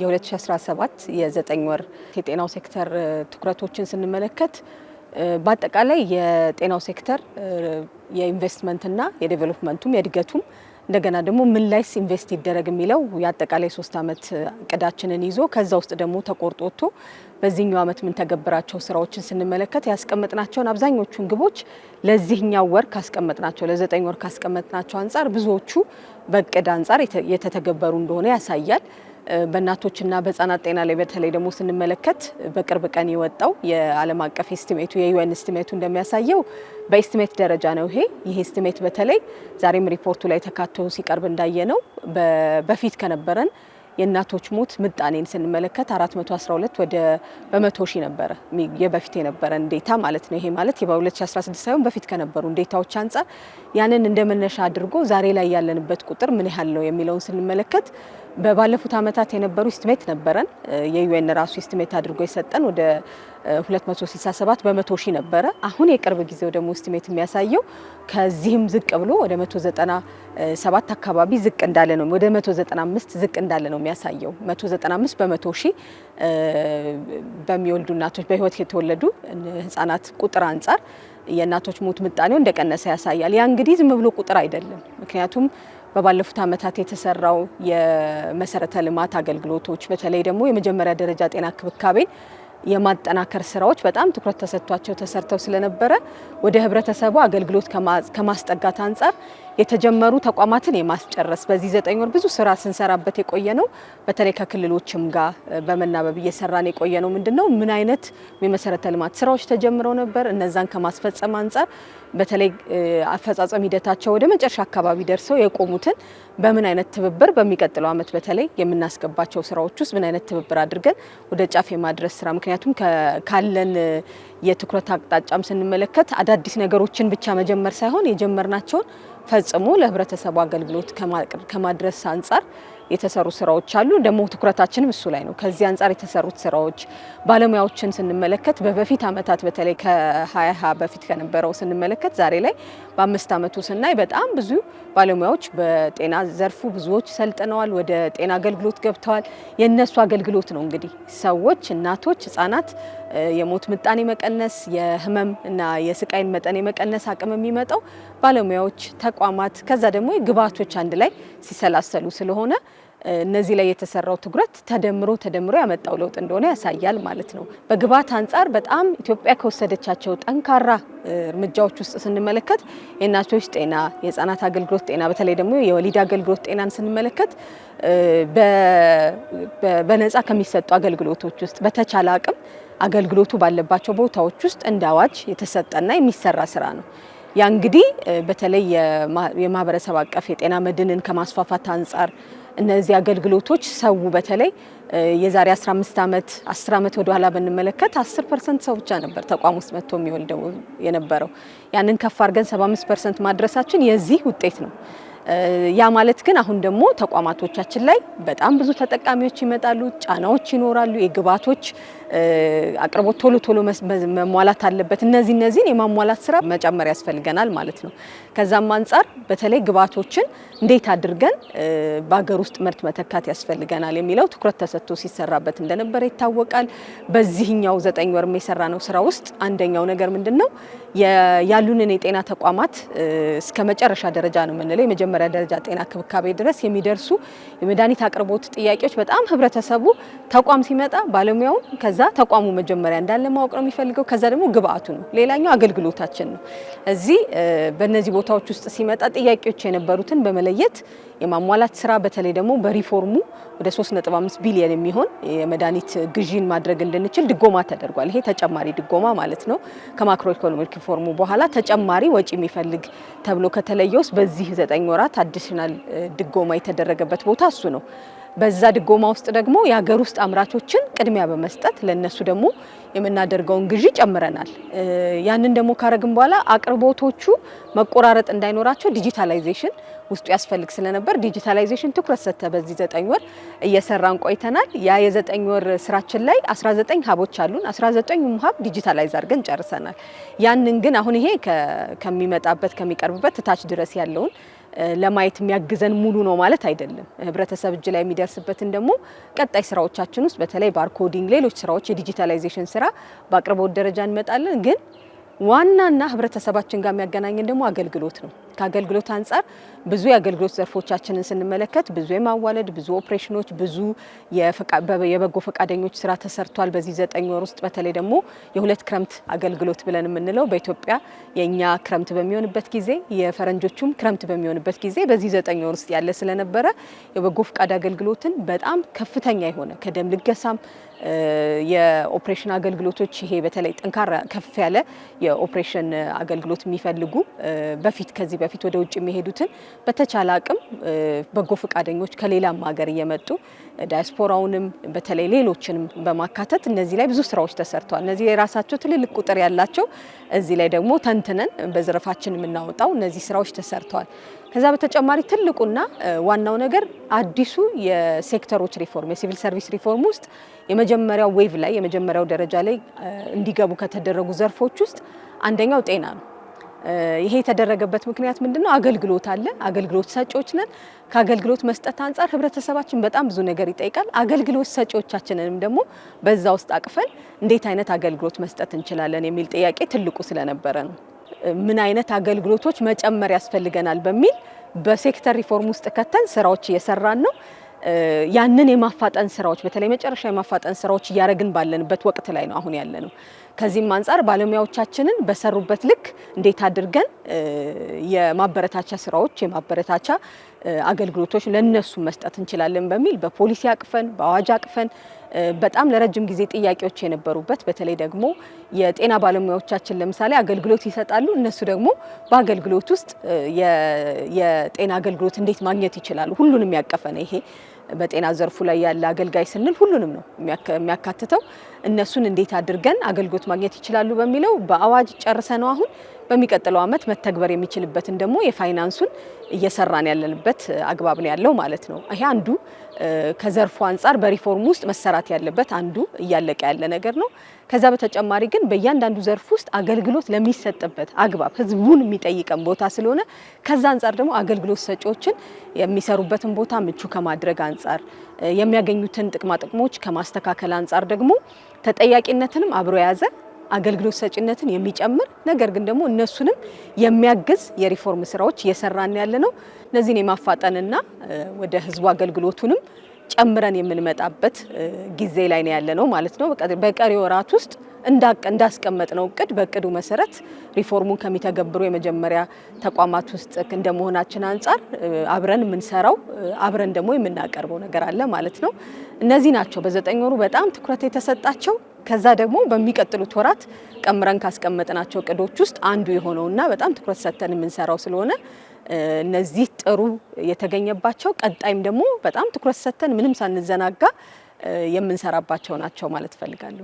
የ2017 የዘጠኝ ወር የጤናው ሴክተር ትኩረቶችን ስንመለከት በአጠቃላይ የጤናው ሴክተር የኢንቨስትመንትና የዴቨሎፕመንቱም የእድገቱም እንደገና ደግሞ ምን ላይስ ኢንቨስት ይደረግ የሚለው የአጠቃላይ ሶስት ዓመት እቅዳችንን ይዞ ከዛ ውስጥ ደግሞ ተቆርጦ ወጥቶ በዚህኛው ዓመት የምንተገብራቸው ስራዎችን ስንመለከት ያስቀመጥናቸውን አብዛኞቹን ግቦች ለዚህኛው ወር ካስቀመጥናቸው ለዘጠኝ ወር ካስቀመጥናቸው አንጻር ብዙዎቹ በእቅድ አንጻር የተተገበሩ እንደሆነ ያሳያል። በእናቶችና በህጻናት ጤና ላይ በተለይ ደግሞ ስንመለከት በቅርብ ቀን የወጣው የዓለም አቀፍ ኤስቲሜቱ የዩኤን ኤስቲሜቱ እንደሚያሳየው በኤስቲሜት ደረጃ ነው ይሄ ይህ ኤስቲሜት በተለይ ዛሬም ሪፖርቱ ላይ ተካቶ ሲቀርብ እንዳየ ነው በፊት ከነበረን የእናቶች ሞት ምጣኔን ስንመለከት 412 ወደ በመቶ ሺህ ነበረ የበፊት የነበረ እንዴታ ማለት ነው። ይሄ ማለት የበ 2016 ሳይሆን በፊት ከነበሩ እንዴታዎች አንጻር ያንን እንደመነሻ አድርጎ ዛሬ ላይ ያለንበት ቁጥር ምን ያህል ነው የሚለውን ስንመለከት በባለፉት ዓመታት የነበሩ ኢስቲሜት ነበረን። የዩኤን ራሱ ኢስቲሜት አድርጎ የሰጠን ወደ 267 በመቶ ሺህ ነበረ። አሁን የቅርብ ጊዜው ደግሞ ኢስቲሜት የሚያሳየው ከዚህም ዝቅ ብሎ ወደ 197 አካባቢ ዝቅ እንዳለ ነው ወደ 195 ዝቅ እንዳለ ነው የሚያሳየው 195 በመቶ ሺህ በሚወልዱ እናቶች በህይወት የተወለዱ ህጻናት ቁጥር አንጻር የእናቶች ሞት ምጣኔው እንደቀነሰ ያሳያል። ያ እንግዲህ ዝም ብሎ ቁጥር አይደለም። ምክንያቱም በባለፉት ዓመታት የተሰራው የመሰረተ ልማት አገልግሎቶች በተለይ ደግሞ የመጀመሪያ ደረጃ ጤና ክብካቤን የማጠናከር ስራዎች በጣም ትኩረት ተሰጥቷቸው ተሰርተው ስለነበረ ወደ ህብረተሰቡ አገልግሎት ከማስጠጋት አንጻር የተጀመሩ ተቋማትን የማስጨረስ በዚህ ዘጠኝ ወር ብዙ ስራ ስንሰራበት የቆየ ነው። በተለይ ከክልሎችም ጋር በመናበብ እየሰራን የቆየ ነው። ምንድን ነው ምን አይነት የመሰረተ ልማት ስራዎች ተጀምረው ነበር፣ እነዛን ከማስፈጸም አንጻር በተለይ አፈጻጸም ሂደታቸው ወደ መጨረሻ አካባቢ ደርሰው የቆሙትን በምን አይነት ትብብር በሚቀጥለው ዓመት በተለይ የምናስገባቸው ስራዎች ውስጥ ምን አይነት ትብብር አድርገን ወደ ጫፍ የማድረስ ስራ ምክንያት ምክንያቱም ካለን የትኩረት አቅጣጫም ስንመለከት አዳዲስ ነገሮችን ብቻ መጀመር ሳይሆን የጀመርናቸውን ፈጽሞ ለህብረተሰቡ አገልግሎት ከማድረስ አንጻር የተሰሩ ስራዎች አሉ። ደግሞ ትኩረታችንም እሱ ላይ ነው። ከዚህ አንጻር የተሰሩት ስራዎች ባለሙያዎችን ስንመለከት በበፊት አመታት በተለይ ከሀያ ሀ በፊት ከነበረው ስንመለከት ዛሬ ላይ በአምስት አመቱ ስናይ በጣም ብዙ ባለሙያዎች በጤና ዘርፉ ብዙዎች ሰልጥነዋል፣ ወደ ጤና አገልግሎት ገብተዋል። የእነሱ አገልግሎት ነው እንግዲህ ሰዎች፣ እናቶች፣ ህጻናት የሞት ምጣኔ መቀነስ፣ የህመም እና የስቃይን መጠን የመቀነስ አቅም የሚመጣው ባለሙያዎች፣ ተቋማት ከዛ ደግሞ ግብዓቶች አንድ ላይ ሲሰላሰሉ ስለሆነ እነዚህ ላይ የተሰራው ትኩረት ተደምሮ ተደምሮ ያመጣው ለውጥ እንደሆነ ያሳያል ማለት ነው። በግብዓት አንጻር በጣም ኢትዮጵያ ከወሰደቻቸው ጠንካራ እርምጃዎች ውስጥ ስንመለከት የእናቶች ጤና፣ የህፃናት አገልግሎት ጤና፣ በተለይ ደግሞ የወሊድ አገልግሎት ጤናን ስንመለከት በነፃ ከሚሰጡ አገልግሎቶች ውስጥ በተቻለ አቅም አገልግሎቱ ባለባቸው ቦታዎች ውስጥ እንደ አዋጅ የተሰጠና የሚሰራ ስራ ነው። ያ እንግዲህ በተለይ የማህበረሰብ አቀፍ የጤና መድንን ከማስፋፋት አንጻር እነዚህ አገልግሎቶች ሰው በተለይ የዛሬ 15 ዓመት 10 ዓመት ወደ ኋላ ብንመለከት 10 ፐርሰንት ሰው ብቻ ነበር ተቋም ውስጥ መጥቶ የሚወልደው የነበረው። ያንን ከፍ አድርገን 75 ፐርሰንት ማድረሳችን የዚህ ውጤት ነው። ያ ማለት ግን አሁን ደግሞ ተቋማቶቻችን ላይ በጣም ብዙ ተጠቃሚዎች ይመጣሉ፣ ጫናዎች ይኖራሉ፣ የግብዓቶች አቅርቦት ቶሎ ቶሎ መሟላት አለበት። እነዚህ እነዚህን የማሟላት ስራ መጨመር ያስፈልገናል ማለት ነው። ከዛም አንጻር በተለይ ግብዓቶችን እንዴት አድርገን በሀገር ውስጥ ምርት መተካት ያስፈልገናል የሚለው ትኩረት ተሰጥቶ ሲሰራበት እንደነበረ ይታወቃል። በዚህኛው ዘጠኝ ወር የሰራ ነው ስራ ውስጥ አንደኛው ነገር ምንድን ነው ያሉንን የጤና ተቋማት እስከ መጨረሻ ደረጃ ነው የምንለው የመጀመሪያ ደረጃ ጤና ክብካቤ ድረስ የሚደርሱ የመድኃኒት አቅርቦት ጥያቄዎች በጣም ህብረተሰቡ ተቋም ሲመጣ ባለሙያው ከዛ ተቋሙ መጀመሪያ እንዳለ ማወቅ ነው የሚፈልገው። ከዛ ደግሞ ግብአቱ ነው። ሌላኛው አገልግሎታችን ነው። እዚህ በእነዚህ ቦታዎች ውስጥ ሲመጣ ጥያቄዎች የነበሩትን በመለየት የማሟላት ስራ በተለይ ደግሞ በሪፎርሙ ወደ 3.5 ቢሊዮን የሚሆን የመድኃኒት ግዢን ማድረግ እንድንችል ድጎማ ተደርጓል። ይሄ ተጨማሪ ድጎማ ማለት ነው። ከማክሮ ኢኮኖሚክ ሪፎርሙ በኋላ ተጨማሪ ወጪ የሚፈልግ ተብሎ ከተለየውስ በዚህ ዘጠኝ ወራት አራት አዲሽናል ድጎማ የተደረገበት ቦታ እሱ ነው። በዛ ድጎማ ውስጥ ደግሞ የሀገር ውስጥ አምራቾችን ቅድሚያ በመስጠት ለነሱ ደግሞ የምናደርገውን ግዢ ጨምረናል። ያንን ደግሞ ካረግን በኋላ አቅርቦቶቹ መቆራረጥ እንዳይኖራቸው ዲጂታላይዜሽን ውስጡ ያስፈልግ ስለነበር ዲጂታላይዜሽን ትኩረት ሰጥተ በዚህ ዘጠኝ ወር እየሰራን ቆይተናል። ያ የዘጠኝ ወር ስራችን ላይ 19 ሀቦች አሉን። 19ኙም ሀብ ዲጂታላይዝ አድርገን ጨርሰናል። ያንን ግን አሁን ይሄ ከሚመጣበት ከሚቀርብበት እታች ድረስ ያለውን ለማየት የሚያግዘን ሙሉ ነው ማለት አይደለም። ህብረተሰብ እጅ ላይ የሚደርስበትን ደግሞ ቀጣይ ስራዎቻችን ውስጥ በተለይ ባርኮዲንግ፣ ሌሎች ስራዎች፣ የዲጂታላይዜሽን ስራ በአቅርቦት ደረጃ እንመጣለን። ግን ዋናና ህብረተሰባችን ጋር የሚያገናኘን ደግሞ አገልግሎት ነው። ከአገልግሎት አንጻር ብዙ የአገልግሎት ዘርፎቻችንን ስንመለከት ብዙ የማዋለድ ብዙ ኦፕሬሽኖች ብዙ የበጎ ፈቃደኞች ስራ ተሰርቷል። በዚህ ዘጠኝ ወር ውስጥ በተለይ ደግሞ የሁለት ክረምት አገልግሎት ብለን የምንለው በኢትዮጵያ የእኛ ክረምት በሚሆንበት ጊዜ የፈረንጆቹም ክረምት በሚሆንበት ጊዜ በዚህ ዘጠኝ ወር ውስጥ ያለ ስለነበረ የበጎ ፈቃድ አገልግሎትን በጣም ከፍተኛ የሆነ ከደም ልገሳም የኦፕሬሽን አገልግሎቶች ይሄ በተለይ ጠንካራ ከፍ ያለ የኦፕሬሽን አገልግሎት የሚፈልጉ በፊት ከዚህ በፊት ወደ ውጭ የሚሄዱትን በተቻለ አቅም በጎ ፈቃደኞች ከሌላም ሀገር እየመጡ ዳያስፖራውንም በተለይ ሌሎችንም በማካተት እነዚህ ላይ ብዙ ስራዎች ተሰርተዋል። እነዚህ የራሳቸው ትልልቅ ቁጥር ያላቸው እዚህ ላይ ደግሞ ተንትነን በዘርፋችን የምናወጣው እነዚህ ስራዎች ተሰርተዋል። ከዛ በተጨማሪ ትልቁና ዋናው ነገር አዲሱ የሴክተሮች ሪፎርም የሲቪል ሰርቪስ ሪፎርም ውስጥ የመጀመሪያው ዌቭ ላይ የመጀመሪያው ደረጃ ላይ እንዲገቡ ከተደረጉ ዘርፎች ውስጥ አንደኛው ጤና ነው። ይሄ የተደረገበት ምክንያት ምንድነው? አገልግሎት አለ፣ አገልግሎት ሰጪዎች ነን። ከአገልግሎት መስጠት አንጻር ህብረተሰባችን በጣም ብዙ ነገር ይጠይቃል። አገልግሎት ሰጪዎቻችንንም ደግሞ በዛ ውስጥ አቅፈን እንዴት አይነት አገልግሎት መስጠት እንችላለን የሚል ጥያቄ ትልቁ ስለነበረ ነው። ምን አይነት አገልግሎቶች መጨመር ያስፈልገናል በሚል በሴክተር ሪፎርም ውስጥ ከተን ስራዎች እየሰራን ነው። ያንን የማፋጠን ስራዎች በተለይ መጨረሻ የማፋጠን ስራዎች እያደረግን ባለንበት ወቅት ላይ ነው አሁን ያለ ነው። ከዚህም አንጻር ባለሙያዎቻችንን በሰሩበት ልክ እንዴት አድርገን የማበረታቻ ስራዎች የማበረታቻ አገልግሎቶች ለነሱ መስጠት እንችላለን በሚል በፖሊሲ አቅፈን በአዋጅ አቅፈን በጣም ለረጅም ጊዜ ጥያቄዎች የነበሩበት በተለይ ደግሞ የጤና ባለሙያዎቻችን ለምሳሌ አገልግሎት ይሰጣሉ። እነሱ ደግሞ በአገልግሎት ውስጥ የጤና አገልግሎት እንዴት ማግኘት ይችላሉ? ሁሉንም ያቀፈ ነው ይሄ። በጤና ዘርፉ ላይ ያለ አገልጋይ ስንል ሁሉንም ነው የሚያካትተው። እነሱን እንዴት አድርገን አገልግሎት ማግኘት ይችላሉ በሚለው በአዋጅ ጨርሰ ነው አሁን በሚቀጥለው ዓመት መተግበር የሚችልበትን ደግሞ የፋይናንሱን እየሰራን ያለንበት አግባብ ነው ያለው ማለት ነው። ይሄ አንዱ ከዘርፉ አንጻር በሪፎርም ውስጥ መሰራት ያለበት አንዱ እያለቀ ያለ ነገር ነው። ከዛ በተጨማሪ ግን በእያንዳንዱ ዘርፍ ውስጥ አገልግሎት ለሚሰጥበት አግባብ ህዝቡን የሚጠይቀን ቦታ ስለሆነ ከዛ አንጻር ደግሞ አገልግሎት ሰጪዎችን የሚሰሩበትን ቦታ ምቹ ከማድረግ አንጻር የሚያገኙትን ጥቅማ ጥቅሞች ከማስተካከል አንጻር ደግሞ ተጠያቂነትንም አብሮ የያዘ አገልግሎት ሰጭነትን የሚጨምር ነገር ግን ደግሞ እነሱንም የሚያግዝ የሪፎርም ስራዎች እየሰራን ያለ ነው። እነዚህን የማፋጠንና ወደ ህዝቡ አገልግሎቱንም ጨምረን የምንመጣበት ጊዜ ላይ ነው ያለ ነው ማለት ነው። በቀሪ ወራት ውስጥ እንዳስቀመጥ ነው እቅድ በእቅዱ መሰረት ሪፎርሙን ከሚተገብሩ የመጀመሪያ ተቋማት ውስጥ እንደመሆናችን አንጻር አብረን የምንሰራው አብረን ደግሞ የምናቀርበው ነገር አለ ማለት ነው። እነዚህ ናቸው በዘጠኝ ወሩ በጣም ትኩረት የተሰጣቸው ከዛ ደግሞ በሚቀጥሉት ወራት ቀምረን ካስቀመጥናቸው እቅዶች ውስጥ አንዱ የሆነውና በጣም ትኩረት ሰጥተን የምንሰራው ስለሆነ እነዚህ ጥሩ የተገኘባቸው ቀጣይም ደግሞ በጣም ትኩረት ሰጥተን ምንም ሳንዘናጋ የምንሰራባቸው ናቸው ማለት እፈልጋለሁ።